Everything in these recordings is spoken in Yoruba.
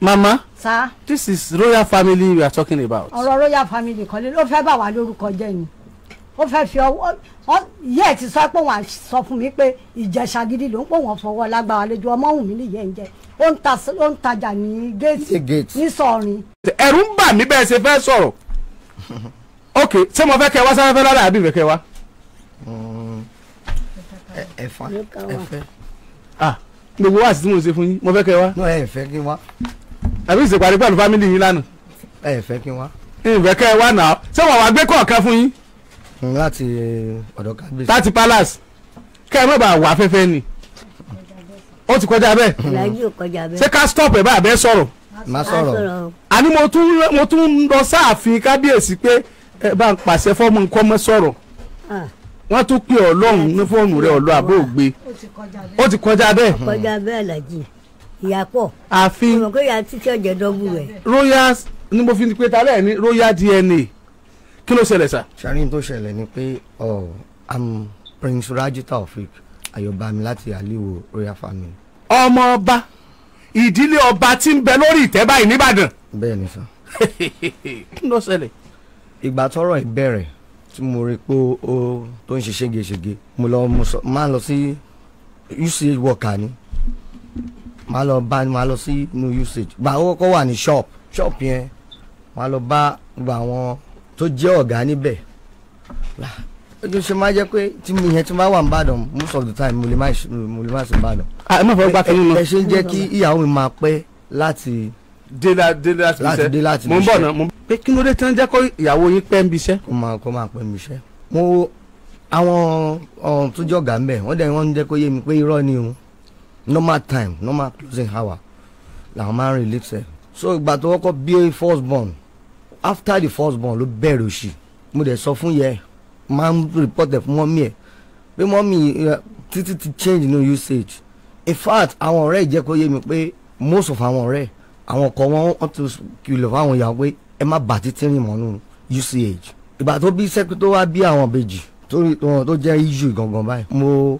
mama sa this is royal family we are talking about. ọ̀rọ̀ royal family kan ló fẹ́ bà wá lórúkọ jẹ́ ni ó fẹ́ fi ọwọ́ yẹ́ ẹ̀ ti sọ pé wọ́n sọ fún mi pé ìjẹ̀ṣà gidi ló ń pò wọ́n fọwọ́ lágbára lójú ọmọ òun mi nìyẹn ń jẹ ó ń tajà ní géètì ní sọ̀rin. ẹ̀rù ń bà mí bẹ́ẹ̀ ṣe fẹ́ sọ̀rọ̀ ok ṣé mo fẹ́ kẹ wá sáfẹ́fẹ́ lára àbí ìfẹ́ kẹ wá. ẹ fà ẹ fẹ́. ah gbogbo wa àti tí mo ṣe fún yín mo fẹ́ kẹ wá. ẹ fẹ́ kí wá àbí ìsèpàdé pẹ̀lú fámìlì yín lánàá. ẹ fẹ́ kí n wá. ìfẹ́ kẹ́ ẹ wá nà á ṣé wọ́n wá gbé kọ̀ọ̀kan fún yín. láti eh, ọ̀dọ̀ kábíyèsí. láti palace kẹ́ ẹ má bàa wà afẹ́fẹ́ ni ó ti kọjá bẹ́ẹ̀. ṣé ká stop ẹ̀ bá a bẹ́ẹ̀ má sọ̀rọ̀. àní mo tún mo tún lọ sáàfin kábíyèsí pé ẹ bá ń pàṣẹ fọ́mọ nǹkan mọ́ sọ̀rọ̀ wọ́n tún pè ọ́ ní fóònù rẹ̀ ọ̀lọ́ àbóògbé ó ti kọjá bẹ́ẹ̀. ó ti kọjá bẹ́ẹ̀ làjì ìyá pọ̀. àfi mo mọ̀ pé ìyá títí ọ̀jẹ̀ dọ́gbù rẹ̀. royal ni mo fi pe talẹ̀ ní royal dna kí ló ṣẹlẹ̀ sà. sàrín tó ṣẹlẹ̀ ni pé ọ am prince raji taofik ayọ̀bámi láti aliwo royal family. ọmọ ọba ìdílé ọba tí ń bẹ lórí ìtẹ́ báyìí nìbàdàn. bẹ́ẹ̀ ni sà. kí ló ṣẹlẹ̀. ìgbà tọ́rọ̀ ẹ̀ bẹ̀rẹ̀ tí mo rí pé ó tó ń ṣe ségesège mo lọ máa lọ sí uch worker ni màá lọ bá màá lọ sí new usage gbà ó kọ́ wà ní shop shop yẹn màá lọ bá gbogbo àwọn tó jẹ́ ọ̀gá níbẹ̀ ojú ṣe máa jẹ́ pé tí mi yẹn tí máa wà nìbàdàn most of the time mo lè má mo lè má sí nìbàdàn. ẹ má fọwọ́ gbà kínní lọ. ẹ ṣe ń jẹ́ kí ìyàwó mi máa pẹ́ láti. dé láti dé láti bí iṣẹ́ mo ń bọ̀ náà mo. pé kí ló dé tí wọ́n jẹ́ kó ìyàwó yín pẹ́ ń bí iṣẹ́. kó máa kó máa pẹ́ ń bí iṣẹ́. mo àwọn tó jọ̀gá ń bẹ̀ wọ́n dẹ̀ wọ́n ń jẹ́ kó yé mi pé irọ́ ni o normal time normal closing hour làwọn máa ń release so ìgbà tó kọ́kọ́ bí first born after the first born ló bẹ̀rẹ̀ òṣì mo dẹ̀ sọ fún yẹ máa ń report ẹ̀ fún mọ́mí ẹ̀ pé mọ́mí eh, títí ti change no usage in fact àwọn ọ̀rẹ́ ìjẹ́ kó yé mi pé most of àwọn ọ̀rẹ́ àwọn ọkọ wọn wọ́n ti kìlọ̀ fáwọn ìyàwó pé ẹ má bà títí rìn mọ́nú uch ìgbà tó bí sẹ́kí tó wá bí àwọn ìbejì tó jẹ́ issue gangan báyìí mo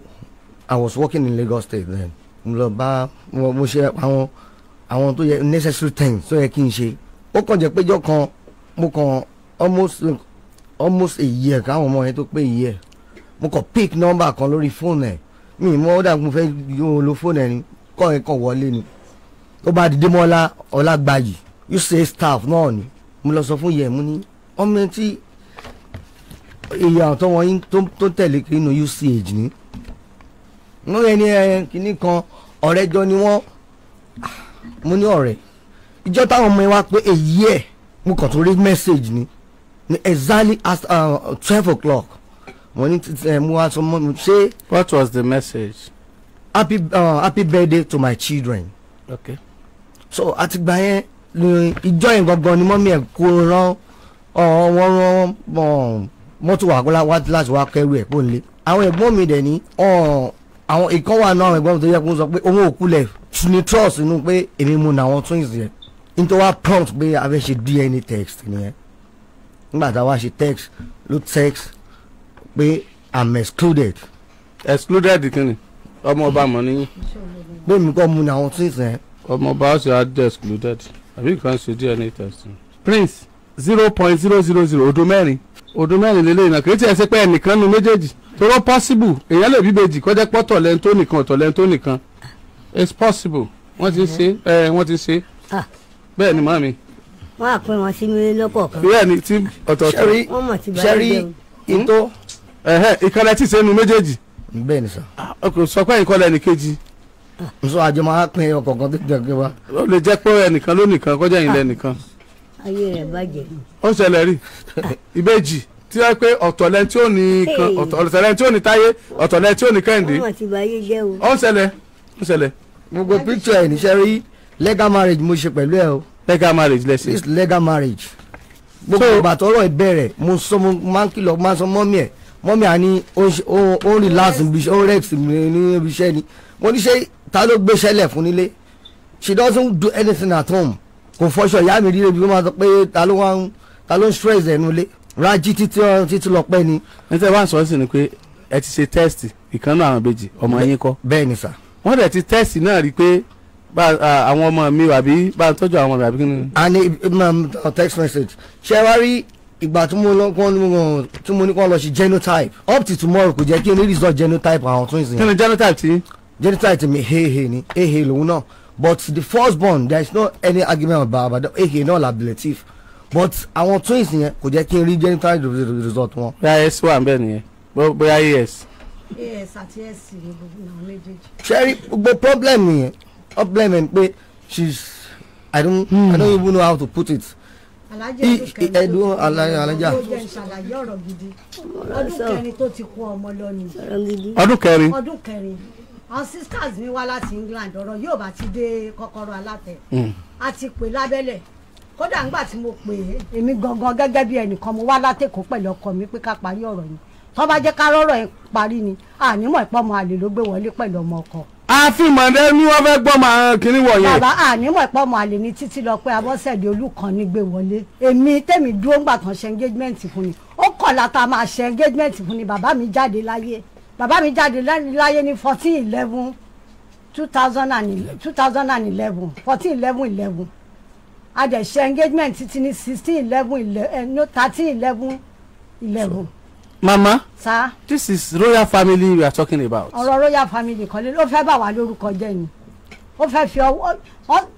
i was working in Lagos State then mo lọ bá mo ṣe àwọn àwọn tó yẹ necessary things tó yẹ kí n ṣe ó kàn jẹ́ péjọ kan mo kàn almost almost a year káwọn ọmọ yẹn tó pé year mo kàn pick number kan lórí fóònù ẹ̀ mi mọ ó dà mo fẹ́ yóò lo fóònù ẹ̀ ni kọ́ ẹ̀ kàn wọlé ni tó bá dìde mọ́lá ọlágbàyì you say staff náà ni mo lọ sọ fún yẹ mo ní ọmọ tí èèyàn tó wọ́n yín tó tẹ̀lé kiri nù UCH ni mo rẹ ní ẹ kínní kan ọ̀rẹ́ jọ ni wọ́n mo ní ọ̀rẹ́ ìjọ táwọn ọmọ yẹn pé èyí ẹ̀ mo kàn tún rí message ni ní exactly at uh, twelve uh, o'clock mo ní eh, mo wá sọ mo ṣe. what was the message. happy uh, happy birthday to my children. okay. so àtìgbà yẹn ní ìjọ yẹn gangan ni mọ́mí ẹ̀ kó rán wọ́n rán mọ́tò wà láti wá kẹ́rù ẹ̀ pọ́nlé àwọn ẹ̀gbọ́n mi dẹ̀ ní àwọn ìkan wà náà àwọn ẹ̀gbọ́n mi tó yẹ kó sọ pé òun ò kulẹ̀ ní trust inú pé èmi mu nà àwọn twins yẹn nítorí wá prompt pé a ṣe DNA text nìyẹn nígbà tá a wá ṣe text ló text pé i'm excluded. excluded kí ni ọmọ ọba mọ níyìn. pé mi kọ́ mu nà àwọn twins yẹn. ọmọ ọba ọ̀sẹ̀ á excluded àbí kan ṣe DNA test. prince zero point zero zero zero odo mẹ́rin odo mẹ́rin lélẹ́yìn náà kì í tiẹ̀ ṣe ẹnìkan nu méjèèjì tọrọ possible èèyàn lè bí bèjì kọjá pọ tọ̀lẹ́ tó nìkan ọ̀tọ̀lẹ́ tó nìkan it's possible wọ́n ti ṣe ẹ wọ́n ti ṣe bẹ́ẹ̀ ni màmí. wọ́n á pín wọn sí mi lọ́kọ̀ọ̀kan. bẹ́ẹ̀ ni tí ọ̀tọ̀ọ̀tọ̀ ṣẹ́rí ìtó. ìkọlẹ̀ tí sẹ́nu méjèèjì. bẹ́ẹ̀ ni sọ. ọkùnrin sọ pé ìkọlẹ̀ ni kejì. n sọ àjọ máa pín ọkọ̀ọ̀kan tó jẹ pé wa. ó lè jẹ́ pé ẹnìkan ló nìkan kọjá ìlẹ̀ nìkan. ayé rẹ̀ bàjẹ́. ó ṣẹlẹ̀ rí ìbejì tí wọ́n pé ọ̀tọ̀lẹ́ tí ò ní kan ọ̀tọ̀lẹ́ tí ò ní táyé ọ̀tọ̀lẹ́ tí ò ní kẹ́hìndé. ọmọ àti ìbáyé jẹ́ o. ó ń ṣẹlẹ̀ ó ń ṣẹlẹ̀. gbogbo picture ẹ̀ níṣẹ́ rí legal marriage mo ṣe pẹ̀lú ẹ o. legal marriage lẹ́sẹ̀. this legal marriage. gbogbo ìbàtọ̀ ọ̀rọ̀ ìbẹ̀rẹ̀ mo sọ mo máa ń kìlọ̀ máa sọ mọ́mí ẹ̀ mọ́mí àní ó ń relax ó rex ní ibi iṣẹ́ ni mo ní ṣe ta ló gbéṣẹ́lẹ̀ fún nílé she doesn't do anything at home kò fọṣọ ìyá mi rí ebi ó máa sọ pé ta ló ń stress ẹ̀ nulẹ̀ rájí títí lọ pẹ́ ni. ní tẹ́ wá ń sọ sí ni pé ẹ ti ṣe tẹ́sì ìkànnà àwọn méjì ọmọ yín kọ́. bẹ́ẹ̀ ni sà. wọ́n dẹ̀ ti tẹ́sì náà rí i pé àwọn ọmọ mi àbí bá a tọ́jú àwọn ọmọ mi àbí kí ni. a ní um, um, text message ṣé wá rí ìgbà tí mo ní kó lọ sí genotype up to tomorrow kò jẹ́ kí n rí result genotype àwọn twins yẹn. kí ni genotype ti. genotype ti mi hehe ni hehe lòun náà but the first born there is no any argument about about hehe náà la relative but àwọn twins yẹn kò jẹ́ kí n rí genital result wọn. bóyá yes wà ń bẹ̀ nìyẹn bóyá yes. yes àti yes ni gbogbo méjèèjì. sẹ́rí gbogbo problem yẹn problem yẹn pé she's i don't hmm. i don't even know how to put it ẹdun alaja ọdún kẹrin tó ti kó ọmọ lọ ọdún kẹrin ọdún kẹrin àwọn sisters mi wá láti England ọ̀rọ̀ yóò bá ti dé kọ́kọ́rọ́ alátẹ hmm. a ti pè lábẹ́lẹ̀ kódà ńgbà tí mo pè é èmi gangan gẹ́gẹ́ bí ẹnìkan mo wá látẹ̀kọ́ pẹ̀lú ọkọ mi pé ká parí ọ̀rọ̀ yìí tó bá jẹ́ ká rọ́rọ̀ ẹ parí ni ànímọ̀ ìpọ́ ọmọ àlè ló gbé wọlé pẹ̀lú ọmọ ọkọ. àfihàn ní wọ́n fẹ́ gbọ́ máa kiri wọ̀nyẹn. bàbá ànímọ̀ ìpọ́ ọmọ àlè ni títí lọ pé abọ́sẹ̀dé olùkan ní gbé wọlé èmi tèmi dúró ńgbà kan ṣe engagement fún ni ó kọ̀ láta máa ṣe engagement fún ni bàbá mi jáde láyé bàbá mi jáde láyé ní fourteen eleven two thousand and eleven fourteen eleven eleven a dẹ̀ ṣe engagement títí ní sixteen eleven eh, no thirteen eleven eleven. mama sa this is royal family we are talking about. ọ̀rọ̀ royal family kan ló fẹ́ bà wá lórúkọ jẹ́ ni ó fẹ́ fi ọwọ́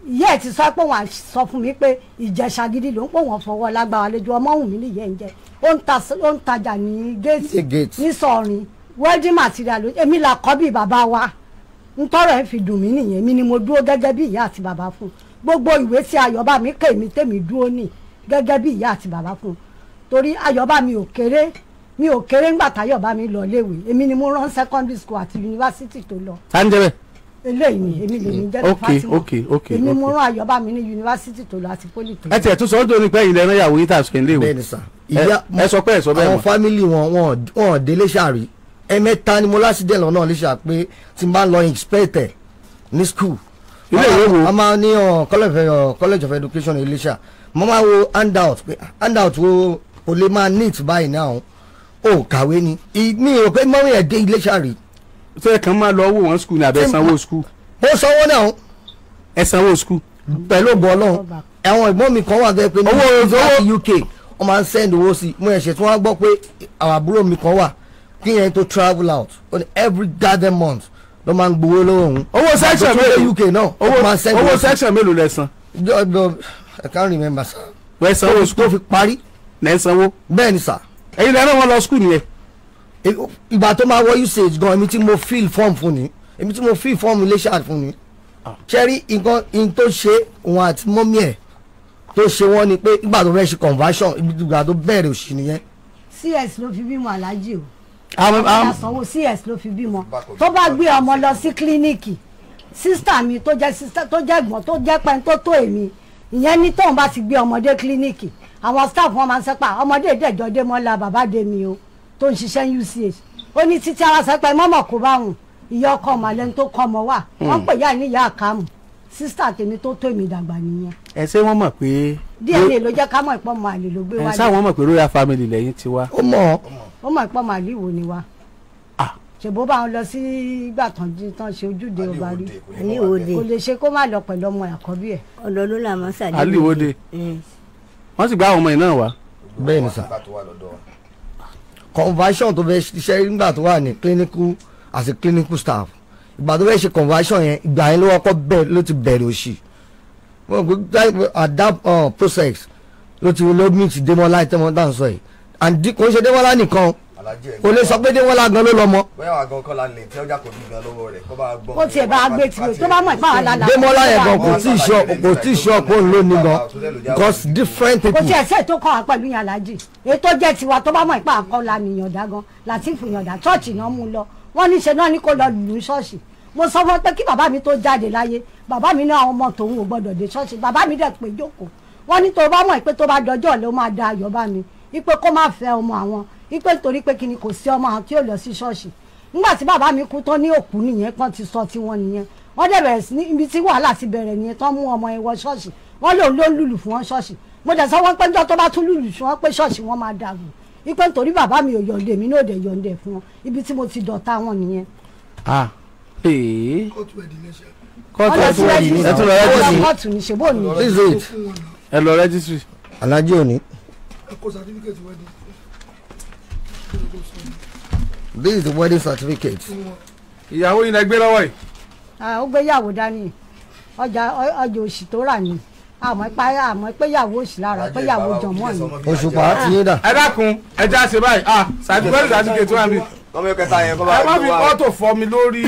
yẹ́ ẹ̀ ti sọ pé wọ́n á sọ fún mi pé ìjẹ̀ṣà ló ń pò wọ́n fọwọ́ lágbára lójú ọmọ òun mi nìyẹn ń jẹ ó ń tajà ní géètì ní sọ̀rin wedding material èmi là kọ́ bí bàbá wa ń tọrọ ẹ̀ fi dùn mí nìyẹn mi ni mo dúró gẹ́gẹ́ bí ìyá àti bàbá fún un gbogbo ìwé tí ayọ̀bámi kèmí tèmi dúró nì gẹ́gẹ́ bí ìyá àti bàbá fún un torí ayọ̀bámi ò kéré mi ò kéré ńgbà mi lọ léwe èmi ni mo rán secondary school àti yunifásitì tó lọ. ta ń jẹ́ eléyìí ni èmi lè ní jẹ́bi Fatima èmi mo rán ayọ̀bámi ní university tó lọ àti poli tó lọ. ẹ tiẹ̀ tún sọ ọ́ dóni pé ilẹ̀ náà yàwó yìí tà sùkè léwe ẹ sọ pé ẹ sọ bẹ́ẹ̀ mọ́. àwọn fámìlì wọn wọn ò délé ṣàrí ẹ̀mẹ́ta ni mo lásìdẹ̀ lọ́nà lè ṣà tí n bá lọ expect ní school ilé ìwé wo. a máa ní uh, uh, college of education Iléṣà mo máa wo handout pé handout wo kò lè máa neat báyìí náà o kàwé ni mi ò pé mọ́wé ẹ̀ dé Iléṣà rí. ṣé kàn máa lọ wò wọ́n skul ní abẹ́ sanwó skul. mo sanwó náà. ẹ sanwó skul. pẹ̀lú ògbọ́ ọlọ́run àwọn ìgbọ́n mi kan wà bẹ́ẹ̀ pé ní UK wọ́n máa ń send owó sí mo ẹ̀ṣẹ̀ tí wọ́n á gbọ́ pé àwọn àbúrò mi kan wà kí yẹn tó travel out on every garden month ló máa ń gbowó lọ́wọ́ òun. owó section mélòó uk náà ó máa send owó section mélòó lẹ san. I can't remember sir. wẹ́ẹ́ sanwó school tó fi parí. lẹ́ẹ̀ sanwó. bẹ́ẹ̀ ni sir. ẹ̀yin lẹ́nu wọn lọ school nìyẹn. E, ìgbà tó máa wọ usage gan èmi tí mo fill form fún ni èmi tí mo fill form ilé ṣáà fún ni. Ah. ṣẹ́rí nǹkan in tó ṣe òun àti mọ́mí ẹ̀ tó ṣe wọ́n ni pé ìgbà tó fẹ́ ṣe conversion ìgbà tó bẹ̀rẹ̀ òṣì nìyẹn. cs ló fi bímọ aláàjì o àwọn àsanwó cs ló fi bímọ tó bá gbé ọmọ lọ sí kílíníìkì sísítà mi tó jẹ́ sísítà tó jẹ́ gbọ́n tó jẹ́ pẹ́ẹ́n tó tó èmi ìyẹn ní tóun bá ti gbé ọmọdé kílíníìkì àwọn staff wọn máa ń sẹ́pà ọmọdé ìdẹ́jọ́ dé mọ́lá bàbá dé mi o tó ń ṣiṣẹ́ uch ó ní títí ara sẹ́pà mọ́mọ́ kó bá wùn ìyá ọkọ ọmọ alẹ́ tó kọ́ ọmọ wà hmm. wọ́n pè yá ní ìyá àkàmù sísítà tèmi tó tó èmi dàgbà nìyẹn. ẹ ṣé wọn mọ̀ pé. díẹ̀ ni èlò jẹ́ ká mọ̀ ìpọ́nmọ́ àlè ló gbé wá. ẹ ṣáà wọn mọ̀ pé royal family lẹ́yìn tiwa. ó mọ̀ ọ́ ó mà pọ́ màálí ìwò ni wa ah. ṣèbó bá wọn lọ sí ìgbà tán tán ṣe ojúde ọba rí ní òde kò lè ṣe kó má lọ pẹ̀lú ọmọ àkọ́bí ẹ̀. ọlọ́lọ́ là máa ń ṣàlẹ́ àlè òde wọ́n sì gbá àwọn ọmọ yìí náà wá. bẹ́ẹ̀ ni sà conversion tó fẹ́ ṣiṣẹ́ nígbà tó wà ní clinical as a clinical staff ìgbà tó fẹ́ ṣe conversion yẹn ìgbà yẹn ló wọ́pọ̀ bẹ́ẹ̀ ló ti bẹ̀rẹ̀ òṣì uh, adapt uh, process ló ti ló meet demola ìtẹ́mọ́tà ń sọ yìí àǹdí kò ń ṣe déwọ́lá nìkan o lè sọ pé déwọ́lá gan ló lọ mọ. bóyá àgàn kọ́ la lè tí ọjà kò bí gan lọ́wọ́ rẹ̀ kó bá gbọ́. wọ́n tiẹ̀ bá a gbé tìrò tó bá mọ̀ ìpá àlá la. yẹn gan kò tí ì sọ kò tí ì sọ kó ń lò ní because different people. kò tiẹ̀ sẹ́ẹ̀ tó kọ́ wa pẹ̀lú yàn alájì ètò jẹ́ tiwa tó bá mọ̀ ìpá àkọ́lá nìyànjá gan látìfù yànjá chọ́ọ̀chì náà mú lọ wọ́n ní ṣe náà ní kó lọ lù mo sọ fún pé kí bàbá mi tó jáde láyé bàbá mi ní àwọn ọmọ tòun ò gbọdọ̀ dé ṣọ́ọ̀ṣì bàbá mi dẹ̀ pé jókòó wọ́n ní tó bá mọ̀ pé tó bá dọjọ́ ló máa da ayọ̀ bá mi ipe kó má fẹ́ ọmọ àwọn ipe torí pé kí ni kò sí ọmọ àwọn tí yóò lọ sí ṣọ́ọ̀ṣì nígbà tí bàbá mi kú tán ní òkú nìyẹn kan ti sọ tiwọn nìyẹn wọ́n dẹ̀ bẹ̀rẹ̀ sí ibi tí wàhálà ti bẹ̀rẹ̀ nìyẹn tán mú ọmọ ẹ̀ wọ ṣọ́ọ̀ṣì wọ́n lòun ló lùlù fún wọn ṣọ́ọ̀ṣì mo dẹ̀ sọ wọ́n pé níjọ́ tó bá tún lùlù fún wọn pé ṣọ́ọ̀ṣì wọn máa dàrú ipe nítorí bàbá mi ò yọ̀ǹde mi náà dẹ̀ yọ̀ǹde fún wọn ibi tí mo ti dọ̀tá wọn nìyẹn certificate wedding. this is the wedding certificate. ìyàwó yìí náà gbé lọ́wọ́ yìí. ó gbé yàwó dání ọjà ọjà òsì tó rà ni àmọ́ pa àmọ́ pé yàwó òsì lára pé yàwó jọ̀mọ́ ni. òṣùpá ti yé dà. ẹ dákun ẹ já ṣe báyìí ah certificate certificate wà mí. ọmọ yóò kẹta yẹn kọ́ bá a. ẹ má fi fọ́tò fọ́ mi lórí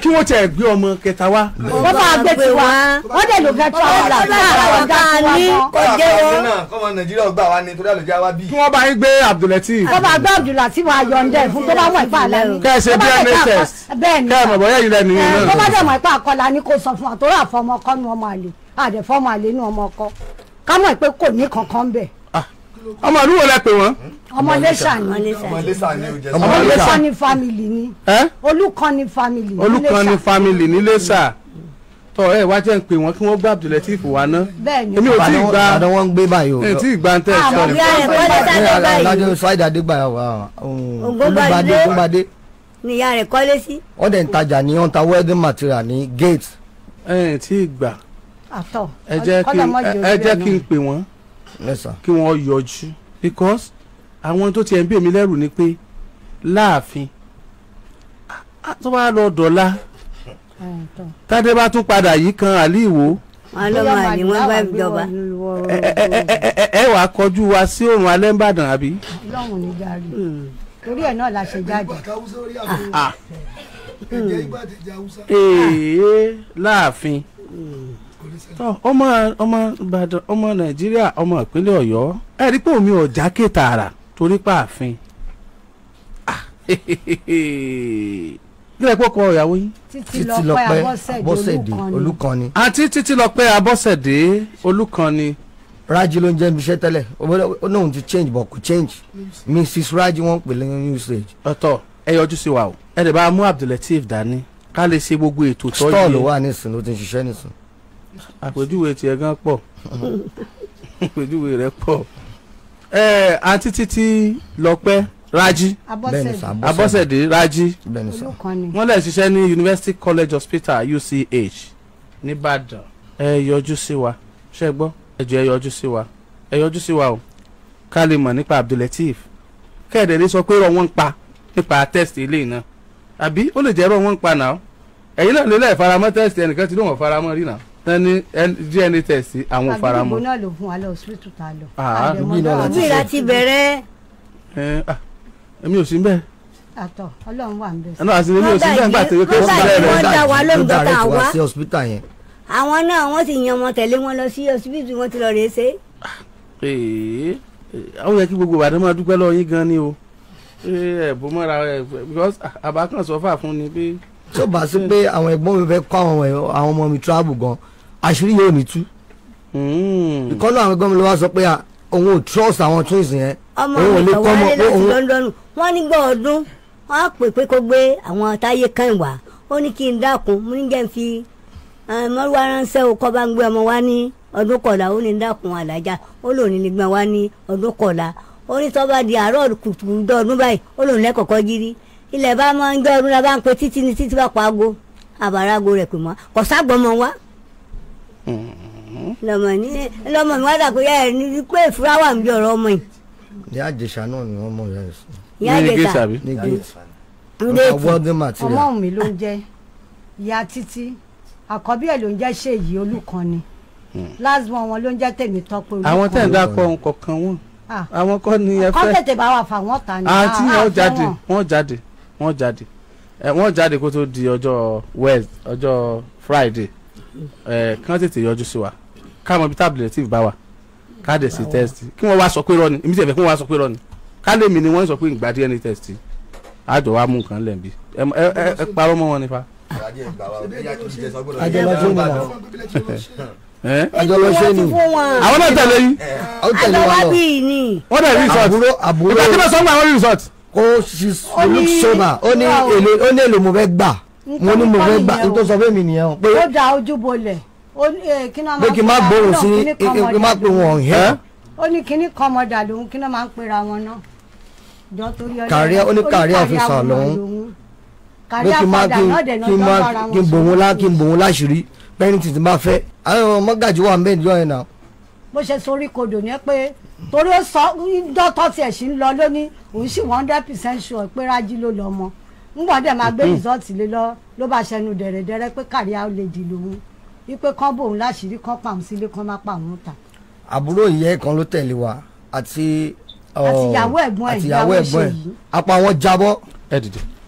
kí wọ́n tẹ̀ gbé ọmọ kẹta wá. wọ́n bá gbé tiwa wọ́n dẹ̀ ló gẹ́tù àwọn ọ̀la àwọn ọ̀gá ní kọjá wọn. kọ́mọ nàìjíríà gbà wá ní torí àlòjá wa bí. kí wọ́n bá yín gbé abdulateef. wọ́n bá gbé abdulateef wa yọ̀ǹdẹ̀ fún tó bá wọ̀ ìpá àlẹ́ o. kẹ́ ẹ ṣe dna test kẹ́ ẹ mọ̀ bọ́yá yìí lẹ́nu yìí náà. tó bá dẹ̀ mọ̀ ìpá àkọlà ni kò sọ fún wa torí àfọmọkọ nu ọmọ àlè àdẹ̀fọmọ àlè ọmọ ìlú wo lẹ pè wọn. ọmọ lẹ́sà ni ọmọ lẹ́sà ni ọmọ lẹ́sà ni family ni olùkọ́ni family ni lẹ́sà olùkọ́ni family ni lẹ́sà tọ ẹ wá jẹ́ ń pè wọ́n kí wọ́n gbá Abdulateef wa ná èmi ò tí ì gba àdán wọn ń gbé báyìí o èmi tí ì gba ń tẹ̀ sọ ni. alájọ ṣáìdì adégbàyà wà ògbógbadé ògbógbadé. níyà rẹ̀ kọ́lé sí. ọ̀dẹ̀ ń tajà ní ọ̀ntà wedding material ní gate. ẹ ẹ tí ì gbà ẹ jẹ́ kí n pè wọ́n kí wọ́n yọjú because àwọn tó tiẹ̀ ń bè mí lẹ́rù ni pé láàfin tó bá lọ dọ̀la tádé bá tún padà yìí kan àlíwò. wọn ló máa ní wọn bá jọba. ẹ wàá kọjú wa sí òrùn alẹ́ ń bàdàn àbí. lọ́hùn ní jáde torí ẹ̀ náà la ṣe jáde. Ah. Hmm. láàfin. Hmm tọ ọmọ ọmọ ìbàdàn ọmọ nàìjíríà ọmọ ìpínlẹ̀ ọ̀yọ́ ẹ rí pé omi ọ̀já ké tààrà torí pààfin ah, kílẹ̀ pọ̀ kọ ìyàwó yín. títí lọ́pẹ́ abọ́sẹ̀dé olùkànnì. àti títí lọ́pẹ́ abọ́sẹ̀dé olùkànnì. rájí ló ń jẹ́ ibi iṣẹ́ tẹ́lẹ̀ ó náà ti change but kò change mrs rájí wọ́n ń pè lẹ́yìn new stage. ọ̀tọ̀ ẹ yọjú sí wa o ẹ lè bá a mú abdulateef dání ká lè ṣe gbogbo ètò tọ́jú. stọ́ọ̀lù wà nísìnyí ló ti ń ṣiṣẹ́ nísìnyí àpèjúwe tiẹ̀ gan pọ̀ àpèjúwe rẹ̀ pọ̀ ẹ̀ àǹtí títí lọ́pẹ́ Rájí Abọ́sẹ̀dé Rájí wọ́n lè ṣiṣẹ́ ní University College Hospital UCH nìbàdàn ẹ yọjú sí wa ṣe gbọ́ ẹ jọ̀ọ́ ẹ yọjú sí wa ẹ yọjú sí wa o ká lè mọ̀ nípa Abdulateef kẹ́ẹ̀dẹ̀ lè sọ pé rọ wọ́n ń pa nípa test ilé náà àbí ó lè jẹ́ rọ wọ́n ń pa náà ẹ̀yin náà lè lẹ́ẹ̀ faramọ́ test ẹnìkan ti lóun ò faramọ́ rí náà tán ní dna test àwọn faramọ. àbí mo náà lò fún wa lọ hospital ta lọ. Ah, àbí náà láti ṣe àbí láti bẹ̀rẹ̀. Eh, ah, èmi ò sí ń bẹ́ẹ̀. àtọ̀ ọlọ́run wà ń bẹ̀. ẹnu àti èmi ò sí ń bẹ́ẹ̀ nígbà tó yẹ kó wọ́n rẹ̀ wọ́n dá wa lóhùn tó ta wá. àwọn náà wọ́n sì yan wọn tẹ̀lé wọn lọ sí hospital wọn ti lọ rèé ṣe. àwọn ah, eh, eh, yẹ kí gbogbo ìbàdàn máa dúpẹ́ lọ́wọ́ yín gan ni o ẹ̀bùn mọ́ra ẹ̀ because àbákan sọ fà ni pé tó bá sí pé àwọn ẹ̀gbọ́n mi fẹ́ kọ́ àwọn ọmọ mi travel gan àṣírí yóò ní tú. Hmm. ìkọ́nà àwọn ẹ̀gbọ́n mi ló wá sọ pé òun ò trust àwọn twins yẹn. ọmọ mi kọ̀ wálé láti London wọ́n nígbà ọdún wọ́n á pè pé kó gbé àwọn táyé kan wá ó ní kí n dákun mo ní jẹ́ n fi eh, mọ́rúwá ránṣẹ́ o kọ́ bá ń gbé ọmọ wá ní ọdún kọ̀ọ̀la ó ní dákun àdájá ó lòun ní gbọ́n wá ní ọdún kọ̀ọ̀la ó ní tọ́ di àárọ̀ kùtùkùtù ọdún báyìí ó lòun lẹ́kọ̀ọ́kọ́ jírí ilẹ̀ bá máa ń gbọ́ ọdún náà bá ń pe títí ni títí bá pa ago àbárago rẹ̀ pè mọ́ kò ságbọ́mọ wá. Mm-hmm. lọ́mọ ní lọ́mọ mi wá dà pé ẹ ní pé ìfura wà níbi ọ̀rọ̀ ọmọ yìí. ìyá àjèṣà náà ni wọ́n mọ̀ ìyá rẹ̀ sí. ìyá àjèṣà ní géètì ọmọ mi ló ń jẹ́ ìyá títí àkọ́bí ẹ̀ ló ń jẹ́ ṣèyí olùkọ́ni mm. lásìmọ̀ wọn ló ń jẹ́ tèmi tọ́pẹ́ wọ́n jáde wọ́n jáde kó tó di ọjọ́ west ọjọ́ friday kán tètè yọjú sí wa ká mọ ibi tábìlì rẹ̀ tí ì bá wa ká dẹ̀ sí test kí wọ́n wá sọ pé rọ́ọ̀nì èmi tẹ̀fẹ́ kí wọ́n wá sọ pé rọ́ọ̀nì ká lèmi ni wọ́n sọ pé ìgbà dna test àjọ wa mú nǹkan lẹ́bi ẹ parọ́ mọ́ wọn nípa. àjọba tó ń bá àjọba ṣe ni àwọn náà tẹ̀lé yìí àjọba bíi ni wọ́n tẹ̀lé resort ìgbà tí wọ́n sọ fún àwọn resort kó sọba ó ní èlò ó ní èlò mo fẹ́ gbà mo ní mo fẹ́ gbà n tó sọ fún mi nìyẹn o. ó da ojú bolẹ̀ ó ní eh, kí náà máa ń pè ra wọn ní kí máa pè wọn hẹ́. ó ní kíní kan ọmọdà lòun kí náà máa ń pera wọn náà jọ torí ọlẹ́yìn kàríà ó ní kàríà ọ̀fíìsà lòun kàríà padà náà dẹ̀ náà jọ́ ara wọn. kí n bò wọn lá kí n bò wọn láṣìírí pẹ́ẹ́nì tìtì máa fẹ́ àwọn wà ń bẹ́ẹ̀ jọ yẹn náà. bó ṣe sorí kodò ní ẹ pé torí ó sọ dọ́tọ́ tiẹ̀ sì ń lọ lónìí òun sì one hundred percent sure pé rájí ló lọ mọ́ ńgbà dẹ̀ máa gbé mm-hmm. rìsọ́ọ̀tì lé lọ ló bá ṣẹnu dẹ̀rẹ̀dẹ̀rẹ̀ pé kàrí àwọn lè lòun wípé kán bòun láṣìírí kán pa òun sílé kán má pa òun ta. àbúrò ìyá ẹ̀ kan ló tẹ̀lé wa àti àtìyàwó ẹ̀gbọ́n ẹ̀ àtìyàwó ẹ̀gbọ́n ẹ̀ apá wọn jábọ́. ẹ dìde